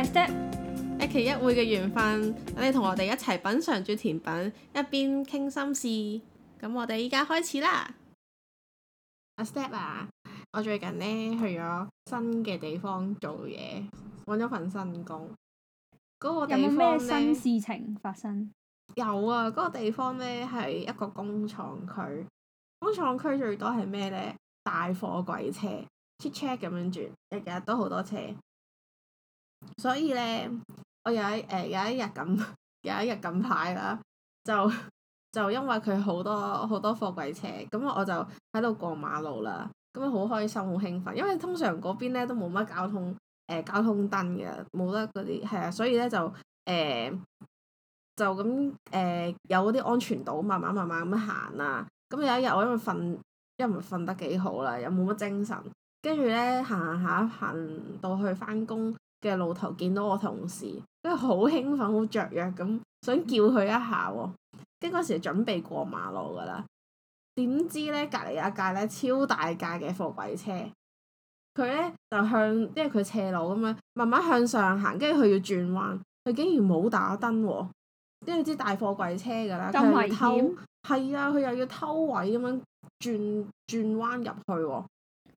A Step. 一期一會嘅緣分，你同我哋一齊品嚐住甜品，一邊傾心事。咁我哋依家開始啦。阿 Step 啊，我最近呢去咗新嘅地方做嘢，揾咗份新工。嗰個地方有咩新事情發生？有啊，嗰個地方呢係一個工廠區。工廠區最多係咩呢？大貨櫃車 check check 咁樣轉，日日都好多車。所以咧，我有誒有一日咁、呃，有一日 近排啦，就就因為佢好多好多貨櫃車，咁我就喺度過馬路啦，咁好開心，好興奮，因為通常嗰邊咧都冇乜交通誒、呃、交通燈嘅，冇得嗰啲係啊，所以咧就誒、呃、就咁誒、呃、有嗰啲安全島，慢慢慢慢咁行啊，咁有一日我因為瞓，因為唔係瞓得幾好啦，又冇乜精神，跟住咧行行下行到去返工。嘅路頭見到我同事，跟住好興奮、好雀躍咁，想叫佢一下喎。跟住嗰時準備過馬路噶啦，點知咧隔籬有一,一架咧超大架嘅貨櫃車，佢咧就向，因為佢斜路咁樣慢慢向上行，跟住佢要轉彎，佢竟然冇打燈喎。跟住啲大貨櫃車噶啦，佢係偷，係啊，佢又要偷位咁樣轉轉彎入去喎，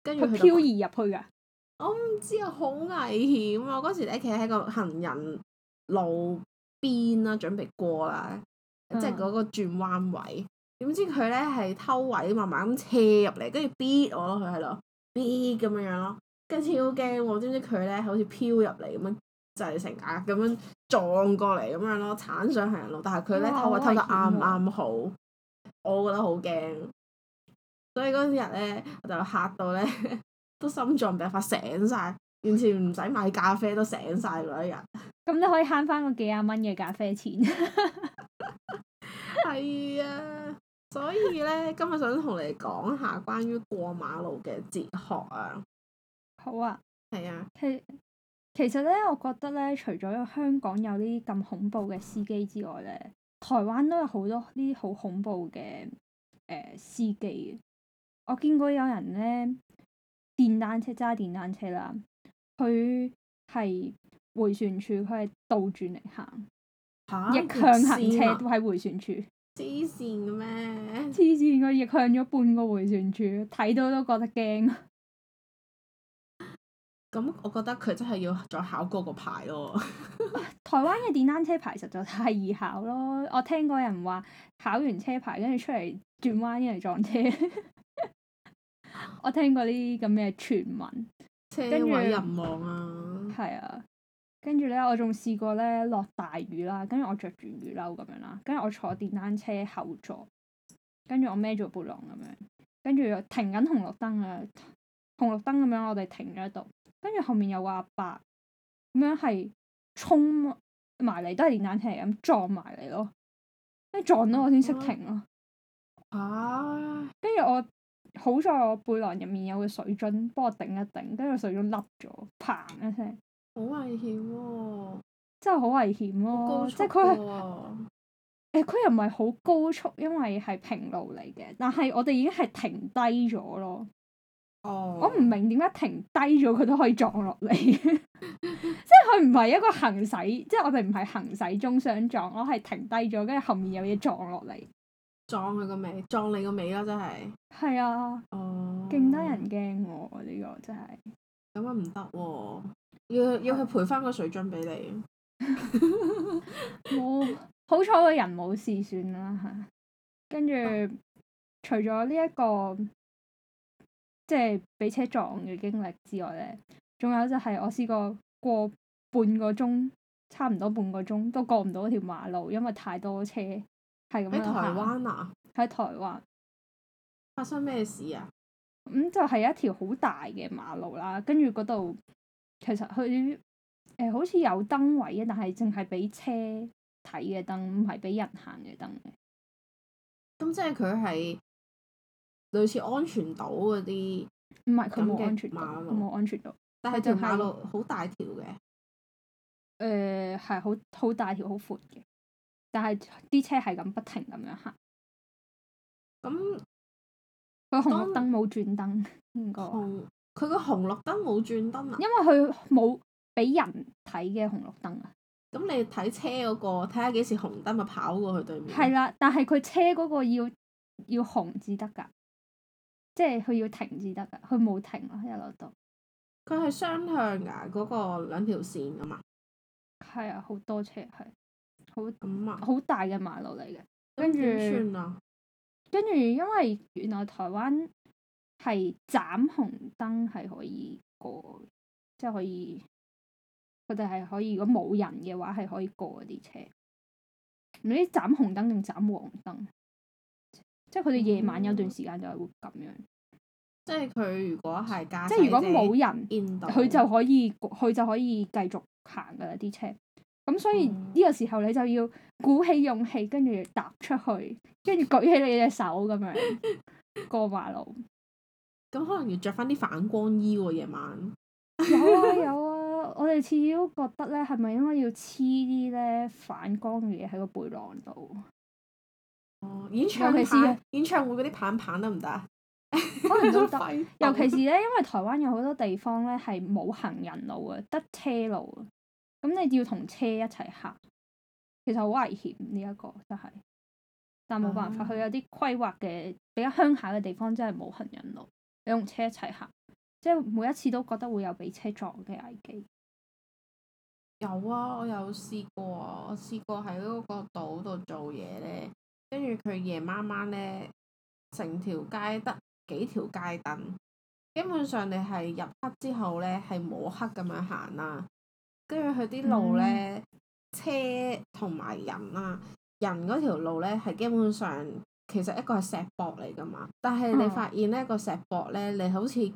跟住佢，飄移入去噶。我唔知啊，好危險啊！我嗰時咧企喺個行人路邊啦，準備過啦，嗯、即係嗰個轉彎位，點知佢咧係偷位，慢慢咁斜入嚟，跟住逼我咯，佢喺度，逼咁樣樣咯，跟住超驚我知知，知唔知佢咧好似飄入嚟咁樣，就係、成架、啊、咁樣撞過嚟咁樣咯，鏟上行人路，但係佢咧偷位偷得啱啱好，我覺得好驚，所以嗰日咧我就嚇到咧。 都心臟病發醒晒，完全唔使買咖啡都醒晒。嗰一日。咁你可以慳翻嗰幾廿蚊嘅咖啡錢，係啊！所以咧，今日想同你講下關於過馬路嘅哲學啊。好啊，係啊。其其實咧，我覺得咧，除咗香港有呢啲咁恐怖嘅司機之外咧，台灣都有好多呢啲好恐怖嘅誒、呃、司機。我見過有人咧。電單車，揸電單車啦，佢係回旋處，佢係倒轉嚟行，蛤逆向行車都喺回旋處，黐線嘅咩？黐線嘅逆向咗半個回旋處，睇到都覺得驚。咁、嗯、我覺得佢真係要再考過個牌咯。 台灣嘅電單車牌實在太易考咯，我聽過人話考完車牌，跟住出嚟轉彎，跟住撞車。我聽過呢啲咁嘅傳聞，車毀人亡啊！係啊，跟住咧，我仲試過咧落大雨啦，跟住我著住雨褸咁樣啦，跟住我坐電單車後座，跟住我孭住背囊咁樣，跟住停緊紅綠燈啊，紅綠燈咁樣我哋停咗喺度，跟住後面有個阿伯咁樣係衝埋嚟，都係電單車嚟咁撞埋嚟咯，跟住撞到我先識停咯、啊。啊！跟住我。好在我背囊入面有個水樽幫我頂一頂，跟住個水樽甩咗，嘭一聲，好危險喎、哦！真係好危險咯、哦，哦、即係佢係誒佢又唔係好高速，因為係平路嚟嘅，但係我哋已經係停低咗咯。Oh. 我唔明點解停低咗佢都可以撞落嚟， 即係佢唔係一個行駛，即係我哋唔係行駛中相撞，我係停低咗，跟住後，後面有嘢撞落嚟。撞佢個尾，撞你個尾啦，真係。係啊。哦、oh. 啊。勁得人驚，我呢個真係。咁樣唔得喎，要要去賠翻個水樽俾你。冇，好彩個人冇事算啦吓。跟住，oh. 除咗呢一個即係俾車撞嘅經歷之外咧，仲有就係我試過過半個鐘，差唔多半個鐘都過唔到條馬路，因為太多車。咁喺台灣啊！喺台灣發生咩事啊？咁、嗯、就係、是、一條好大嘅馬路啦，跟住嗰度其實佢誒、呃、好似有燈位啊，但係淨係俾車睇嘅燈，唔係俾人行嘅燈嘅。咁、嗯、即係佢係類似安全島嗰啲，唔係佢冇安全島，冇安全島，但係條馬路好大條嘅。誒係好好大條，好闊嘅。但係啲車係咁不停咁樣行，咁個紅綠燈冇轉燈，應該佢個紅綠燈冇轉燈啊？因為佢冇俾人睇嘅紅綠燈啊！咁你睇車嗰個，睇下幾時紅燈咪跑過去對面。係啦、啊，但係佢車嗰個要要紅至得噶，即係佢要停至得噶，佢冇停啊一路都。佢係雙向噶，嗰個兩條線噶嘛。係啊，好多車係。好咁啊！好大嘅馬路嚟嘅，跟住、嗯，跟住著因為原來台灣係斬紅燈係可以過即係、就是、可以，佢哋係可以，如果冇人嘅話係可以過嗰啲車。唔知斬紅燈定斬黃燈？嗯、即係佢哋夜晚有段時間就係會咁樣。即係佢如果係加，即係如果冇人，佢就可以，佢就可以繼續行㗎喇啲車。咁所以呢個時候，你就要鼓起勇氣，跟住踏出去，跟住舉起你隻手咁樣過馬路。咁、嗯、可能要著翻啲反光衣喎、啊，夜晚。 有啊有啊，我哋次次都覺得咧，係咪應該要黐啲咧反光嘅嘢喺個背囊度？哦，演唱演唱會嗰啲棒棒得唔得啊， 可能都得。尤其是咧，因為台灣有好多地方咧係冇行人路啊，得車路啊。咁你要同車一齊行，其實好危險呢一個，就係，但冇辦法，佢、嗯、有啲規劃嘅比較鄉下嘅地方，真係冇行人路，你同車一齊行，即係每一次都覺得會有俾車撞嘅危機。有啊，我有試過，我試過喺嗰個島度做嘢咧，跟住佢夜媽媽咧，成條街得幾條街燈，基本上你係入黑之後咧係摸黑咁樣行啦。跟住佢啲路咧，嗯、車同埋人啦、啊，人嗰條路咧係基本上其實一個係石壆嚟㗎嘛，但係你發現咧個、嗯、石壆咧，你好似你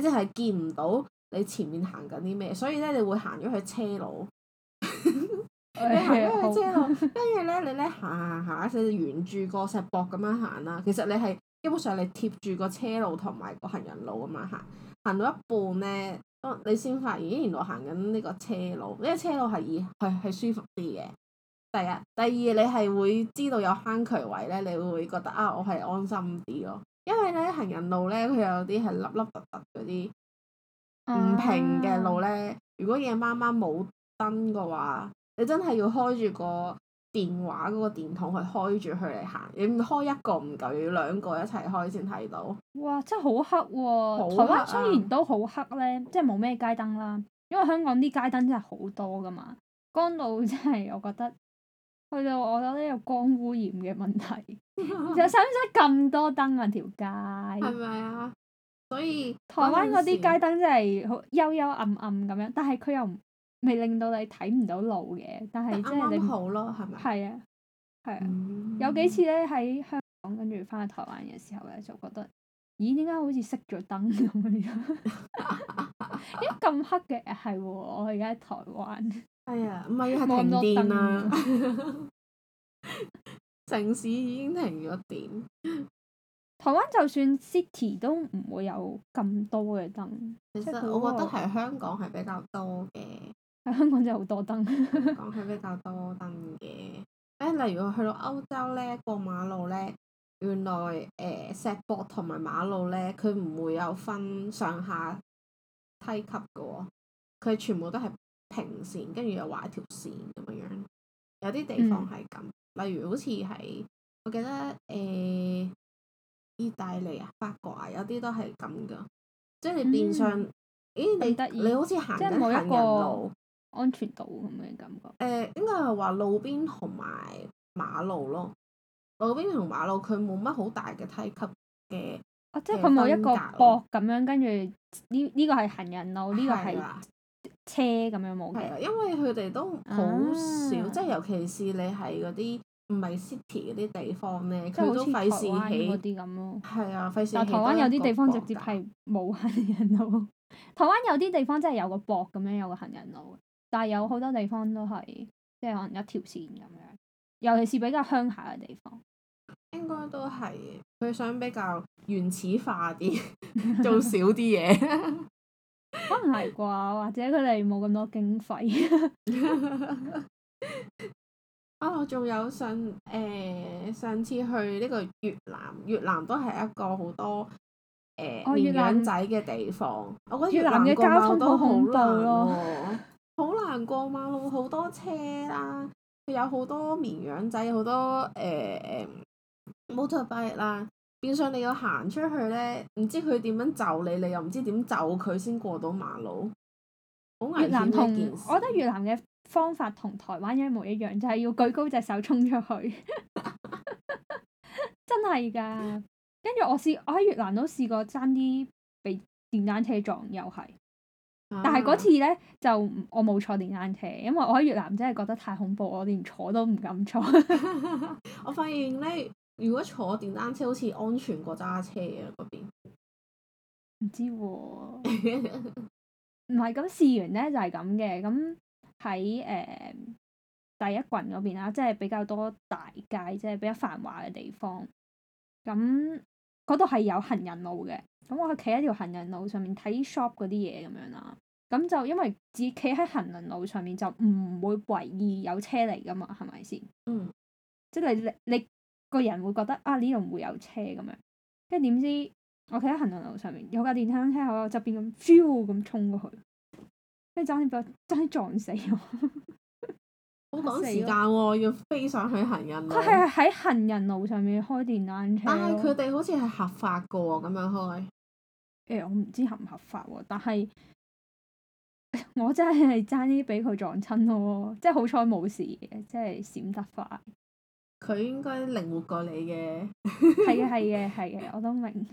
淨係見唔到你前面行緊啲咩，所以咧你會行咗去車路， 你行咗去車路，跟住咧你咧行行行，即係 沿住個石壆咁樣行啦。其實你係基本上你貼住個車路同埋個行人路咁樣行，行到一半咧。你先發現，原來我行緊呢個車路，呢個車路係易係係舒服啲嘅。第一、第二，你係會知道有坑渠位咧，你會覺得啊，我係安心啲咯。因為咧，行人路咧，佢有啲係凹凹凸凸嗰啲唔平嘅路咧。如果夜晚晚冇燈嘅話，你真係要開住個。電話嗰個電筒開去開住佢嚟行，你唔開一個唔夠，要兩個一齊開先睇到。哇！真係好黑喎、啊，黑啊、台灣雖然都好黑咧，即係冇咩街燈啦，因為香港啲街燈真係好多㗎嘛，光到真係我覺得去到我覺得有光污染嘅問題， 就使唔使咁多燈啊條街？係咪啊？所以台灣嗰啲街燈真係幽幽暗暗咁樣，但係佢又唔～未令到你睇唔到路嘅，但係即係你剛剛好咯，係咪？係啊，係啊，嗯、有幾次咧喺香港跟住翻去台灣嘅時候咧，就覺得咦點解好似熄咗燈咁樣？ 因為咁黑嘅係喎，我而家喺台灣。係啊、哎，唔係啊，停電啊！了了 城市已經停咗電。台灣就算 city 都唔會有咁多嘅燈。其實，其實我覺得係香港係比較多嘅。喺香港真係好多燈，講 起比較多燈嘅。誒，例如我去到歐洲咧，過馬路咧，原來誒、呃、石壆同埋馬路咧，佢唔會有分上下梯級嘅喎、哦，佢全部都係平線，跟住又畫一條線咁樣樣。有啲地方係咁，嗯、例如好似係我記得誒、呃，意大利啊、法國啊，有啲都係咁嘅，即係你變相，嗯、咦你你好似行緊行人路。安全島咁嘅感覺。誒、呃，應該係話路邊同埋馬路咯。路邊同馬路佢冇乜好大嘅梯級嘅、啊。即係佢冇一個駁咁樣，嗯、跟住呢呢個係行人路，呢、啊、個係車咁樣冇。係、啊、因為佢哋都好少，啊、即係尤其是你係嗰啲唔係 city 嗰啲地方咧，佢都費事起。嗰啲咁咯。係啊，費事。但台灣有啲地方直接係冇行人路。啊、 台灣有啲地方真係有個駁咁樣，有個行人路。但係有好多地方都係，即係可能一條線咁樣，尤其是比較鄉下嘅地方，應該都係佢想比較原始化啲， 做少啲嘢。可能係啩， 或者佢哋冇咁多經費。 啊，仲有上誒、呃、上次去呢個越南，越南都係一個好多誒、呃哦、年輕仔嘅地方。我覺得越南嘅交通都好難咯。好難過馬路，好多車啦，佢有好多綿羊仔，好多誒誒，冇、呃、錯，拜啦。變相你要行出去咧，唔知佢點樣就你，你又唔知點就佢先過到馬路。好危險一件事。我覺得越南嘅方法同台灣一模一樣，就係、是、要舉高隻手衝出去。 真係噶，跟住我試，我喺越南都試過爭啲俾電單車撞，又係。但係嗰次咧就我冇坐電單車，因為我喺越南真係覺得太恐怖，我連坐都唔敢坐。 我發現咧，如果坐電單車好似安全過揸車啊嗰邊。唔知喎。唔係咁試完咧就係咁嘅，咁喺誒第一郡嗰邊啦，即係比較多大街，即係比較繁華嘅地方。咁嗰度係有行人路嘅，咁我係企喺條行人路上面睇 shop 嗰啲嘢咁樣啦。咁就因為自己企喺行人路上面就唔會為意有車嚟噶嘛，係咪先？嗯、即係你你你個人會覺得啊呢度唔會有車咁樣，跟住點知我企喺行人路上面有架電單車喺我側邊咁飆咁衝過去，跟住爭啲腳爭啲撞死我。 好趕時間喎，哦，要飛上去行人路。佢係喺行人路上面開電單車。但係佢哋好似係合法嘅喎，咁樣開。誒、欸，我唔知合唔合法喎，但係。我真係係爭啲俾佢撞親咯，即係好彩冇事，即係閃得快。佢應該靈活過你嘅。 係嘅，係嘅，係嘅，我都明。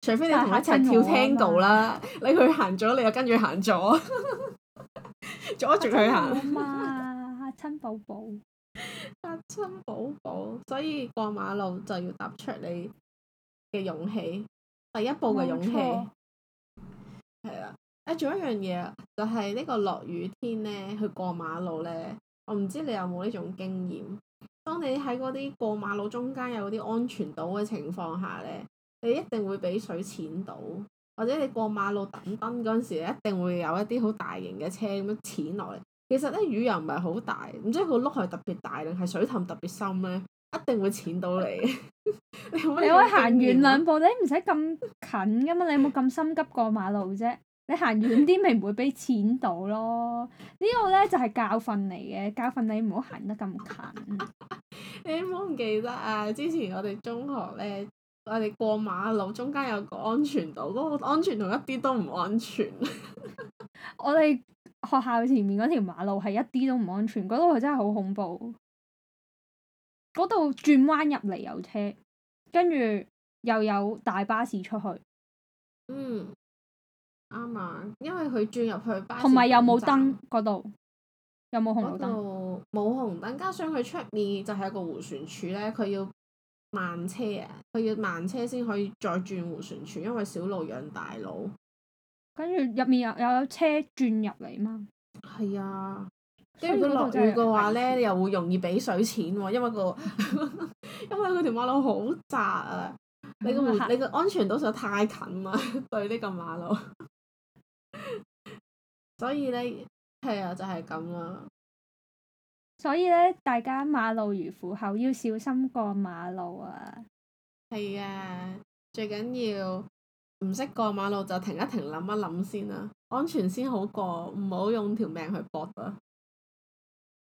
除非你同佢一齊跳天橋 Tango 啦，你去行咗，你又跟住行咗， 阻住佢行。好、啊、嘛，嚇、啊、親寶寶，嚇親、 啊、寶寶，所以過馬路就要踏出你嘅勇氣，第一步嘅勇氣。係啦錯。仲有一樣嘢就係、是、呢個落雨天呢，去過馬路呢，我唔知你有冇呢種經驗。當你喺嗰啲過馬路中間有嗰啲安全島嘅情況下呢，你一定會俾水淺到，或者你過馬路等燈嗰陣時，一定會有一啲好大型嘅車咁樣淺落嚟。其實呢，雨又唔係好大，唔知個碌係特別大定係水氹特別深呢，一定會淺到你。 你，有有你可以行遠兩步，你唔使咁近噶嘛，你冇咁心急過馬路啫。你行遠啲，咪唔會俾錢到咯。這個、呢個咧就係、是、教訓嚟嘅，教訓你唔好行得咁近。 你唔好唔記得啊！之前我哋中學咧，我哋過馬路中間有個安全島，嗰個安全島一啲都唔安全。 我哋學校前面嗰條馬路係一啲都唔安全，嗰度係真係好恐怖。嗰度轉彎入嚟有車，跟住又有大巴士出去。嗯。啱啊，因為佢轉入去有有，同埋又冇燈嗰度，又冇紅燈？冇紅燈，加上佢出面就係一個回旋處咧，佢要慢車啊，佢要慢車先可以再轉回旋處，因為小路讓大路。跟住入面又有，有車轉入嚟嘛？係啊，跟住佢果落雨嘅話咧，又會容易俾水錢喎、哦，因為、那個 因為佢條馬路好窄啊，你個、嗯、你個安全島上太近啊，嗯、 對呢個馬路。所以咧，係啊，就係咁啦。所以咧，大家馬路如虎口，要小心過馬路啊。係啊，最緊要唔識過馬路就停一停，諗一諗先啦、啊。安全先好過，唔好用條命去搏啊。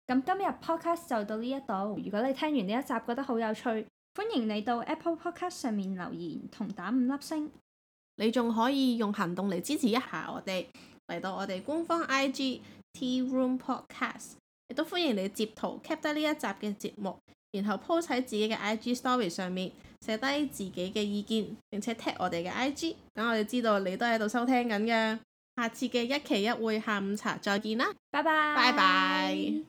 咁今日 Podcast 就到呢一度。如果你聽完呢一集覺得好有趣，歡迎你到 Apple Podcast 上面留言同打五粒星。你仲可以用行動嚟支持一下我哋。嚟到我哋官方 I G Tea Room Podcast，亦都歡迎你截圖 keep 得呢一集嘅節目，然後 post 喺自己嘅 I G Story 上面，寫低自己嘅意見，並且 tag 我哋嘅 I G，等我哋知道你都喺度收聽緊嘅。下次嘅一期一會下午茶再見啦，拜拜，拜拜。